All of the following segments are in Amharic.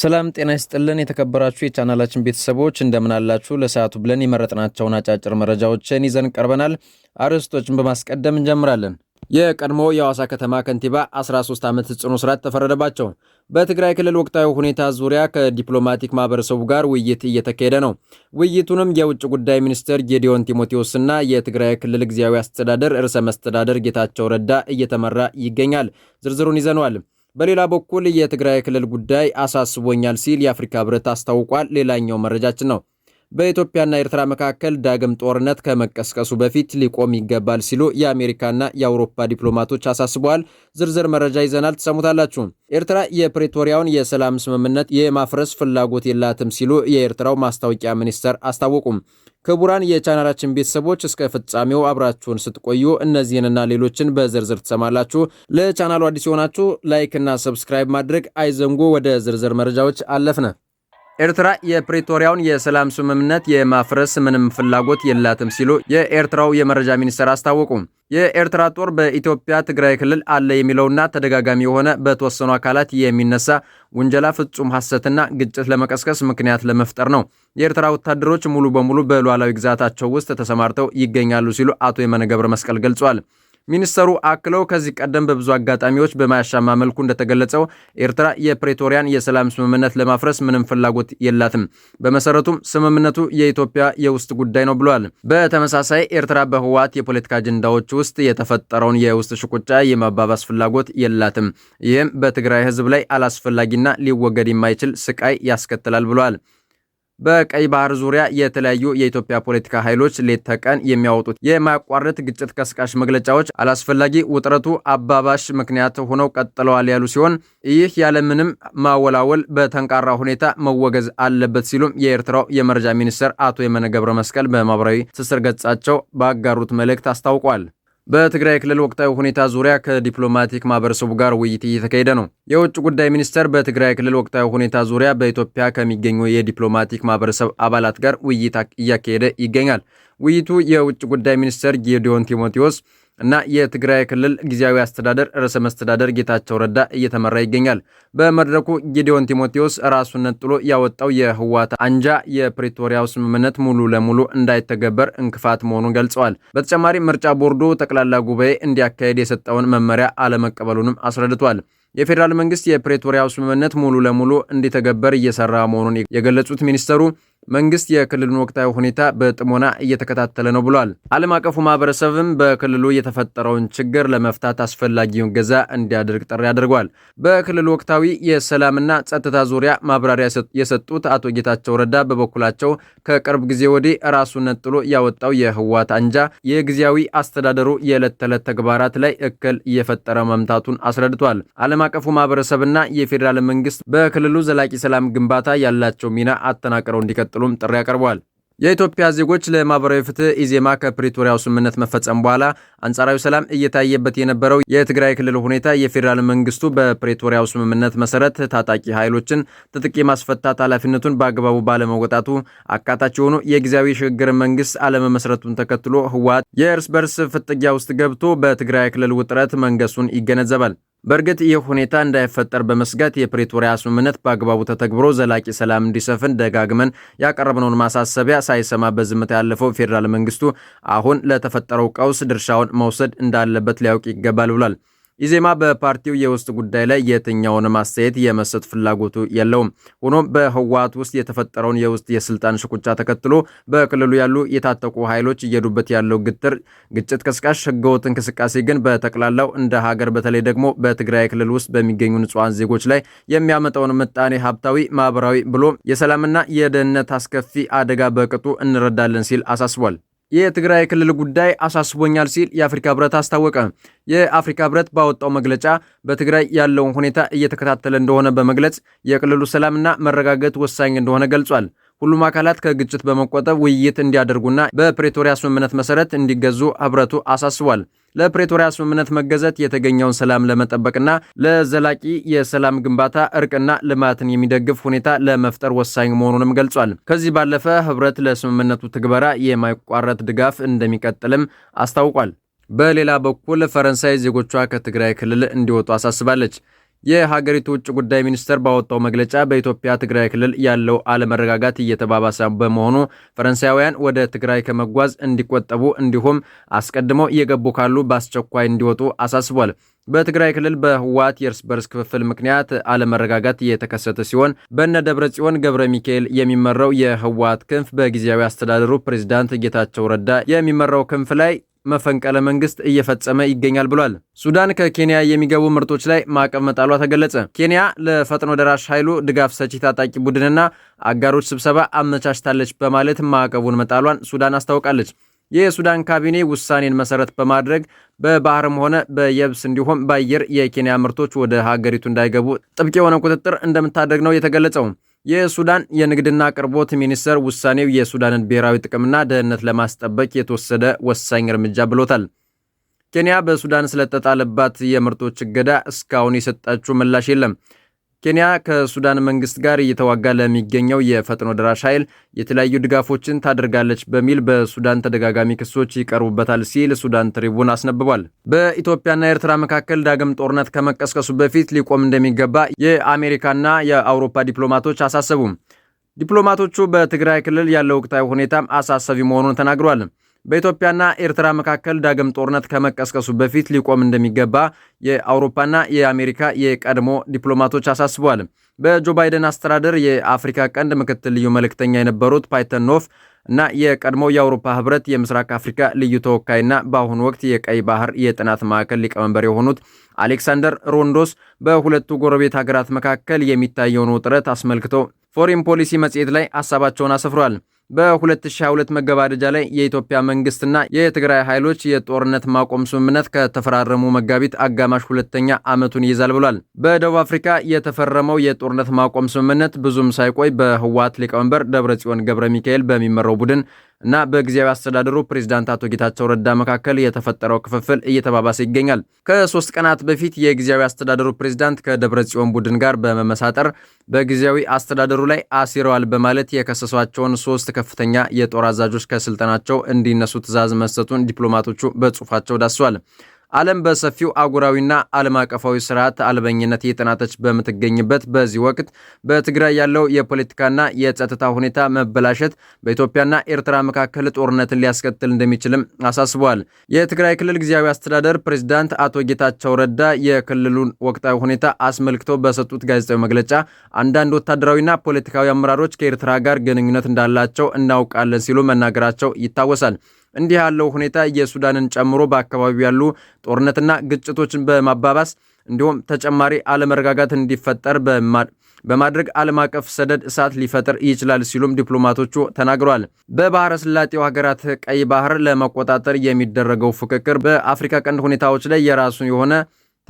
ሰላም ጤና ይስጥልን። የተከበራችሁ የቻናላችን ቤተሰቦች እንደምናላችሁ ለሰዓቱ ብለን የመረጥናቸውን አጫጭር መረጃዎችን ይዘን ቀርበናል። አርዕስቶችን በማስቀደም እንጀምራለን። የቀድሞ የሐዋሳ ከተማ ከንቲባ 13 ዓመት ጽኑ እስራት ተፈረደባቸው። በትግራይ ክልል ወቅታዊ ሁኔታ ዙሪያ ከዲፕሎማቲክ ማህበረሰቡ ጋር ውይይት እየተካሄደ ነው። ውይይቱንም የውጭ ጉዳይ ሚኒስትር ጌዲዮን ቲሞቴዎስና የትግራይ ክልል ጊዜያዊ አስተዳደር ርዕሰ መስተዳደር ጌታቸው ረዳ እየተመራ ይገኛል። ዝርዝሩን ይዘነዋል። በሌላ በኩል የትግራይ ክልል ጉዳይ አሳስቦኛል ሲል የአፍሪካ ህብረት አስታውቋል። ሌላኛው መረጃችን ነው። በኢትዮጵያና ኤርትራ መካከል ዳግም ጦርነት ከመቀስቀሱ በፊት ሊቆም ይገባል ሲሉ የአሜሪካና የአውሮፓ ዲፕሎማቶች አሳስበዋል። ዝርዝር መረጃ ይዘናል፣ ትሰሙታላችሁ። ኤርትራ የፕሬቶሪያውን የሰላም ስምምነት የማፍረስ ፍላጎት የላትም ሲሉ የኤርትራው ማስታወቂያ ሚኒስተር አስታወቁም። ክቡራን የቻናላችን ቤተሰቦች እስከ ፍጻሜው አብራችሁን ስትቆዩ እነዚህንና ሌሎችን በዝርዝር ትሰማላችሁ። ለቻናሉ አዲስ የሆናችሁ ላይክና ሰብስክራይብ ማድረግ አይዘንጉ። ወደ ዝርዝር መረጃዎች አለፍነ። ኤርትራ የፕሪቶሪያውን የሰላም ስምምነት የማፍረስ ምንም ፍላጎት የላትም ሲሉ የኤርትራው የመረጃ ሚኒስትር አስታወቁ። የኤርትራ ጦር በኢትዮጵያ ትግራይ ክልል አለ የሚለውና ተደጋጋሚ የሆነ በተወሰኑ አካላት የሚነሳ ውንጀላ ፍጹም ሐሰትና ግጭት ለመቀስቀስ ምክንያት ለመፍጠር ነው። የኤርትራ ወታደሮች ሙሉ በሙሉ በሉዓላዊ ግዛታቸው ውስጥ ተሰማርተው ይገኛሉ ሲሉ አቶ የመነ ገብረ መስቀል ገልጿል። ሚኒስተሩ አክለው ከዚህ ቀደም በብዙ አጋጣሚዎች በማያሻማ መልኩ እንደተገለጸው ኤርትራ የፕሬቶሪያን የሰላም ስምምነት ለማፍረስ ምንም ፍላጎት የላትም። በመሰረቱም ስምምነቱ የኢትዮጵያ የውስጥ ጉዳይ ነው ብለዋል። በተመሳሳይ ኤርትራ በህወሓት የፖለቲካ አጀንዳዎች ውስጥ የተፈጠረውን የውስጥ ሽቁጫ የማባባስ ፍላጎት የላትም። ይህም በትግራይ ህዝብ ላይ አላስፈላጊና ሊወገድ የማይችል ስቃይ ያስከትላል ብለዋል። በቀይ ባህር ዙሪያ የተለያዩ የኢትዮጵያ ፖለቲካ ኃይሎች ሌት ተቀን የሚያወጡት የማያቋርጥ ግጭት ቀስቃሽ መግለጫዎች አላስፈላጊ ውጥረቱ አባባሽ ምክንያት ሆነው ቀጥለዋል ያሉ ሲሆን ይህ ያለምንም ማወላወል በተንቃራ ሁኔታ መወገዝ አለበት ሲሉም የኤርትራው የመረጃ ሚኒስትር አቶ የመነ ገብረ መስቀል በማህበራዊ ትስስር ገጻቸው ባጋሩት መልእክት አስታውቋል። በትግራይ ክልል ወቅታዊ ሁኔታ ዙሪያ ከዲፕሎማቲክ ማህበረሰቡ ጋር ውይይት እየተካሄደ ነው። የውጭ ጉዳይ ሚኒስቴር በትግራይ ክልል ወቅታዊ ሁኔታ ዙሪያ በኢትዮጵያ ከሚገኙ የዲፕሎማቲክ ማህበረሰብ አባላት ጋር ውይይት እያካሄደ ይገኛል። ውይይቱ የውጭ ጉዳይ ሚኒስቴር ጌዲዮን ቲሞቴዎስ እና የትግራይ ክልል ጊዜያዊ አስተዳደር ርዕሰ መስተዳደር ጌታቸው ረዳ እየተመራ ይገኛል። በመድረኩ ጌዲዮን ቲሞቴዎስ ራሱን ነጥሎ ያወጣው የህወሓት አንጃ የፕሪቶሪያው ስምምነት ሙሉ ለሙሉ እንዳይተገበር እንክፋት መሆኑን ገልጸዋል። በተጨማሪ ምርጫ ቦርዱ ጠቅላላ ጉባኤ እንዲያካሄድ የሰጠውን መመሪያ አለመቀበሉንም አስረድቷል። የፌዴራል መንግስት የፕሬቶሪያው ስምምነት ሙሉ ለሙሉ እንዲተገበር እየሰራ መሆኑን የገለጹት ሚኒስተሩ መንግስት የክልሉን ወቅታዊ ሁኔታ በጥሞና እየተከታተለ ነው ብሏል። ዓለም አቀፉ ማህበረሰብም በክልሉ የተፈጠረውን ችግር ለመፍታት አስፈላጊውን ገዛ እንዲያደርግ ጥሪ አድርጓል። በክልሉ ወቅታዊ የሰላምና ጸጥታ ዙሪያ ማብራሪያ የሰጡት አቶ ጌታቸው ረዳ በበኩላቸው ከቅርብ ጊዜ ወዲህ ራሱን ነጥሎ ያወጣው የህወሓት አንጃ የጊዜያዊ አስተዳደሩ የዕለት ተዕለት ተግባራት ላይ እክል እየፈጠረ መምታቱን አስረድቷል። ዓለም አቀፉ ማህበረሰብና የፌዴራል መንግስት በክልሉ ዘላቂ ሰላም ግንባታ ያላቸው ሚና አጠናቅረው እንዲቀጥ እንዲቀጥሉም ጥሪ አቅርቧል። የኢትዮጵያ ዜጎች ለማህበራዊ ፍትህ ኢዜማ ከፕሪቶሪያው ስምምነት መፈጸም በኋላ አንጻራዊ ሰላም እየታየበት የነበረው የትግራይ ክልል ሁኔታ የፌዴራል መንግስቱ በፕሬቶሪያው ስምምነት መሰረት ታጣቂ ኃይሎችን ትጥቅ የማስፈታት ኃላፊነቱን በአግባቡ ባለመወጣቱ አካታች የሆኑ የጊዜያዊ ሽግግር መንግስት አለመመስረቱን ተከትሎ ህወሓት የእርስ በርስ ፍጥጊያ ውስጥ ገብቶ በትግራይ ክልል ውጥረት መንገሱን ይገነዘባል። በእርግጥ ይህ ሁኔታ እንዳይፈጠር በመስጋት የፕሬቶሪያ ስምምነት በአግባቡ ተተግብሮ ዘላቂ ሰላም እንዲሰፍን ደጋግመን ያቀረብነውን ማሳሰቢያ ሳይሰማ በዝምታ ያለፈው ፌዴራል መንግስቱ አሁን ለተፈጠረው ቀውስ ድርሻውን መውሰድ እንዳለበት ሊያውቅ ይገባል ብሏል። ኢዜማ በፓርቲው የውስጥ ጉዳይ ላይ የትኛውንም አስተያየት የመስጠት ፍላጎቱ የለውም። ሆኖም በህወሓት ውስጥ የተፈጠረውን የውስጥ የስልጣን ሽኩቻ ተከትሎ በክልሉ ያሉ የታጠቁ ኃይሎች እየዱበት ያለው ግትር ግጭት ቀስቃሽ ህገወጥ እንቅስቃሴ ግን በጠቅላላው እንደ ሀገር በተለይ ደግሞ በትግራይ ክልል ውስጥ በሚገኙ ንጹሐን ዜጎች ላይ የሚያመጣውን ምጣኔ ሀብታዊ፣ ማህበራዊ ብሎ የሰላምና የደህንነት አስከፊ አደጋ በቅጡ እንረዳለን ሲል አሳስቧል። የትግራይ ክልል ጉዳይ አሳስቦኛል ሲል የአፍሪካ ህብረት አስታወቀ። የአፍሪካ ህብረት ባወጣው መግለጫ በትግራይ ያለውን ሁኔታ እየተከታተለ እንደሆነ በመግለጽ የክልሉ ሰላምና መረጋገጥ ወሳኝ እንደሆነ ገልጿል። ሁሉም አካላት ከግጭት በመቆጠብ ውይይት እንዲያደርጉና በፕሬቶሪያ ስምምነት መሰረት እንዲገዙ ህብረቱ አሳስቧል። ለፕሬቶሪያ ስምምነት መገዘት የተገኘውን ሰላም ለመጠበቅና ለዘላቂ የሰላም ግንባታ እርቅና ልማትን የሚደግፍ ሁኔታ ለመፍጠር ወሳኝ መሆኑንም ገልጿል። ከዚህ ባለፈ ህብረት ለስምምነቱ ትግበራ የማይቋረጥ ድጋፍ እንደሚቀጥልም አስታውቋል። በሌላ በኩል ፈረንሳይ ዜጎቿ ከትግራይ ክልል እንዲወጡ አሳስባለች። የሀገሪቱ ውጭ ጉዳይ ሚኒስቴር ባወጣው መግለጫ በኢትዮጵያ ትግራይ ክልል ያለው አለመረጋጋት እየተባባሰ በመሆኑ ፈረንሳያውያን ወደ ትግራይ ከመጓዝ እንዲቆጠቡ እንዲሁም አስቀድመው እየገቡ ካሉ በአስቸኳይ እንዲወጡ አሳስቧል። በትግራይ ክልል በህወሓት የእርስ በርስ ክፍፍል ምክንያት አለመረጋጋት እየተከሰተ ሲሆን በነ ደብረ ጽዮን ገብረ ሚካኤል የሚመራው የህወሓት ክንፍ በጊዜያዊ አስተዳደሩ ፕሬዚዳንት ጌታቸው ረዳ የሚመራው ክንፍ ላይ መፈንቀለ መንግስት እየፈጸመ ይገኛል ብሏል። ሱዳን ከኬንያ የሚገቡ ምርቶች ላይ ማዕቀብ መጣሏ ተገለጸ። ኬንያ ለፈጥኖ ደራሽ ኃይሉ ድጋፍ ሰጪ ታጣቂ ቡድንና አጋሮች ስብሰባ አመቻችታለች በማለት ማዕቀቡን መጣሏን ሱዳን አስታውቃለች። የሱዳን ካቢኔ ውሳኔን መሰረት በማድረግ በባህርም ሆነ በየብስ እንዲሁም በአየር የኬንያ ምርቶች ወደ ሀገሪቱ እንዳይገቡ ጥብቅ የሆነ ቁጥጥር እንደምታደርግ ነው የተገለጸው። የሱዳን የንግድና አቅርቦት ሚኒስቴር ውሳኔው የሱዳንን ብሔራዊ ጥቅምና ደህንነት ለማስጠበቅ የተወሰደ ወሳኝ እርምጃ ብሎታል። ኬንያ በሱዳን ስለተጣለባት የምርቶች እገዳ እስካሁን የሰጣችው ምላሽ የለም። ኬንያ ከሱዳን መንግስት ጋር እየተዋጋ ለሚገኘው የፈጥኖ ደራሽ ኃይል የተለያዩ ድጋፎችን ታደርጋለች በሚል በሱዳን ተደጋጋሚ ክሶች ይቀርቡበታል ሲል ሱዳን ትሪቡን አስነብቧል። በኢትዮጵያና ኤርትራ መካከል ዳግም ጦርነት ከመቀስቀሱ በፊት ሊቆም እንደሚገባ የአሜሪካና የአውሮፓ ዲፕሎማቶች አሳሰቡ። ዲፕሎማቶቹ በትግራይ ክልል ያለው ወቅታዊ ሁኔታም አሳሳቢ መሆኑን ተናግሯል። በኢትዮጵያና ኤርትራ መካከል ዳግም ጦርነት ከመቀስቀሱ በፊት ሊቆም እንደሚገባ የአውሮፓና የአሜሪካ የቀድሞ ዲፕሎማቶች አሳስበዋል። በጆ ባይደን አስተዳደር የአፍሪካ ቀንድ ምክትል ልዩ መልእክተኛ የነበሩት ፓይተን ኖፍ እና የቀድሞ የአውሮፓ ህብረት የምስራቅ አፍሪካ ልዩ ተወካይና በአሁኑ ወቅት የቀይ ባህር የጥናት ማዕከል ሊቀመንበር የሆኑት አሌክሳንደር ሮንዶስ በሁለቱ ጎረቤት ሀገራት መካከል የሚታየውን ውጥረት አስመልክቶ ፎሪን ፖሊሲ መጽሔት ላይ ሀሳባቸውን አስፍሯል። በ2022 መገባደጃ ላይ የኢትዮጵያ መንግስትና የትግራይ ኃይሎች የጦርነት ማቆም ስምምነት ከተፈራረሙ መጋቢት አጋማሽ ሁለተኛ ዓመቱን ይይዛል ብሏል። በደቡብ አፍሪካ የተፈረመው የጦርነት ማቆም ስምምነት ብዙም ሳይቆይ በህወሓት ሊቀመንበር ደብረጽዮን ገብረ ሚካኤል በሚመራው ቡድን እና በጊዜያዊ አስተዳደሩ ፕሬዚዳንት አቶ ጌታቸው ረዳ መካከል የተፈጠረው ክፍፍል እየተባባሰ ይገኛል። ከሶስት ቀናት በፊት የጊዜያዊ አስተዳደሩ ፕሬዚዳንት ከደብረ ጽዮን ቡድን ጋር በመመሳጠር በጊዜያዊ አስተዳደሩ ላይ አሲረዋል በማለት የከሰሷቸውን ሶስት ከፍተኛ የጦር አዛዦች ከስልጠናቸው እንዲነሱ ትዕዛዝ መስጠቱን ዲፕሎማቶቹ በጽሁፋቸው ዳስሷል። ዓለም በሰፊው አጉራዊና ዓለም አቀፋዊ ስርዓት አልበኝነት እየጠናተች በምትገኝበት በዚህ ወቅት በትግራይ ያለው የፖለቲካና የጸጥታ ሁኔታ መበላሸት በኢትዮጵያና ኤርትራ መካከል ጦርነትን ሊያስከትል እንደሚችልም አሳስቧል። የትግራይ ክልል ጊዜያዊ አስተዳደር ፕሬዚዳንት አቶ ጌታቸው ረዳ የክልሉን ወቅታዊ ሁኔታ አስመልክቶ በሰጡት ጋዜጣዊ መግለጫ አንዳንድ ወታደራዊና ፖለቲካዊ አመራሮች ከኤርትራ ጋር ግንኙነት እንዳላቸው እናውቃለን ሲሉ መናገራቸው ይታወሳል። እንዲህ ያለው ሁኔታ የሱዳንን ጨምሮ በአካባቢው ያሉ ጦርነትና ግጭቶችን በማባባስ እንዲሁም ተጨማሪ አለመረጋጋት እንዲፈጠር በማድረግ ዓለም አቀፍ ሰደድ እሳት ሊፈጥር ይችላል ሲሉም ዲፕሎማቶቹ ተናግረዋል። በባህረ ስላጤው ሀገራት ቀይ ባህር ለመቆጣጠር የሚደረገው ፉክክር በአፍሪካ ቀንድ ሁኔታዎች ላይ የራሱ የሆነ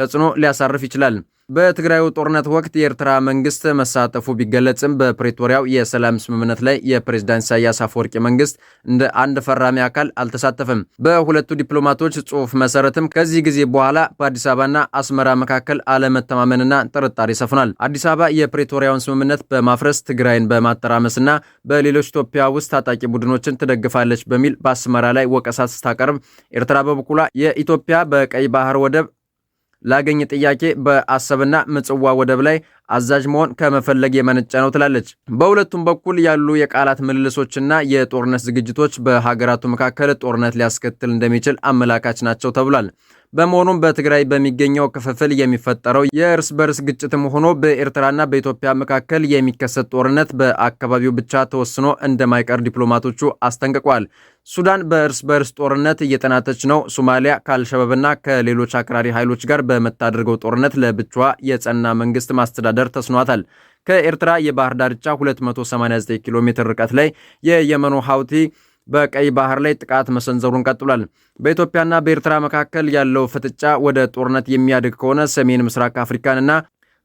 ተጽዕኖ ሊያሳርፍ ይችላል። በትግራዩ ጦርነት ወቅት የኤርትራ መንግስት መሳተፉ ቢገለጽም በፕሬቶሪያው የሰላም ስምምነት ላይ የፕሬዝዳንት ኢሳያስ አፈወርቂ መንግስት እንደ አንድ ፈራሚ አካል አልተሳተፈም። በሁለቱ ዲፕሎማቶች ጽሑፍ መሰረትም ከዚህ ጊዜ በኋላ በአዲስ አበባና አስመራ መካከል አለመተማመንና ጥርጣሬ ሰፍኗል። አዲስ አበባ የፕሬቶሪያውን ስምምነት በማፍረስ ትግራይን በማተራመስና በሌሎች ኢትዮጵያ ውስጥ ታጣቂ ቡድኖችን ትደግፋለች በሚል በአስመራ ላይ ወቀሳ ስታቀርብ፣ ኤርትራ በበኩሏ የኢትዮጵያ በቀይ ባህር ወደብ ላገኝ ጥያቄ በአሰብና ምጽዋ ወደብ ላይ አዛዥ መሆን ከመፈለግ የመነጨ ነው ትላለች። በሁለቱም በኩል ያሉ የቃላት ምልልሶችና የጦርነት ዝግጅቶች በሀገራቱ መካከል ጦርነት ሊያስከትል እንደሚችል አመላካች ናቸው ተብሏል። በመሆኑም በትግራይ በሚገኘው ክፍፍል የሚፈጠረው የእርስ በርስ ግጭትም ሆኖ በኤርትራና በኢትዮጵያ መካከል የሚከሰት ጦርነት በአካባቢው ብቻ ተወስኖ እንደማይቀር ዲፕሎማቶቹ አስጠንቅቋል። ሱዳን በእርስ በርስ ጦርነት እየጠናተች ነው። ሶማሊያ ከአልሸባብና ከሌሎች አክራሪ ኃይሎች ጋር በምታደርገው ጦርነት ለብቻዋ የጸና መንግስት ማስተዳደር ተስኗታል። ከኤርትራ የባህር ዳርቻ 289 ኪሎ ሜትር ርቀት ላይ የየመኑ ሀውቲ በቀይ ባህር ላይ ጥቃት መሰንዘሩን ቀጥሏል። በኢትዮጵያና በኤርትራ መካከል ያለው ፍጥጫ ወደ ጦርነት የሚያድግ ከሆነ ሰሜን ምስራቅ አፍሪካንና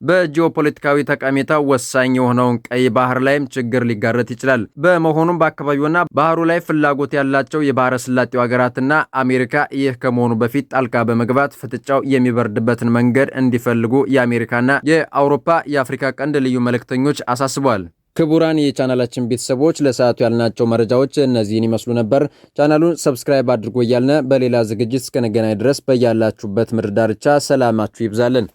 በጂኦፖለቲካዊ ጠቀሜታ ወሳኝ የሆነውን ቀይ ባህር ላይም ችግር ሊጋረጥ ይችላል። በመሆኑም በአካባቢውና ባህሩ ላይ ፍላጎት ያላቸው የባህረ ስላጤው ሀገራትና አሜሪካ ይህ ከመሆኑ በፊት ጣልቃ በመግባት ፍጥጫው የሚበርድበትን መንገድ እንዲፈልጉ የአሜሪካና የአውሮፓ የአፍሪካ ቀንድ ልዩ መልእክተኞች አሳስበዋል። ክቡራን የቻናላችን ቤተሰቦች ለሰዓቱ ያልናቸው መረጃዎች እነዚህን ይመስሉ ነበር። ቻናሉን ሰብስክራይብ አድርጎ እያልነ በሌላ ዝግጅት እስከነገናኝ ድረስ በያላችሁበት ምድር ዳርቻ ሰላማችሁ ይብዛልን።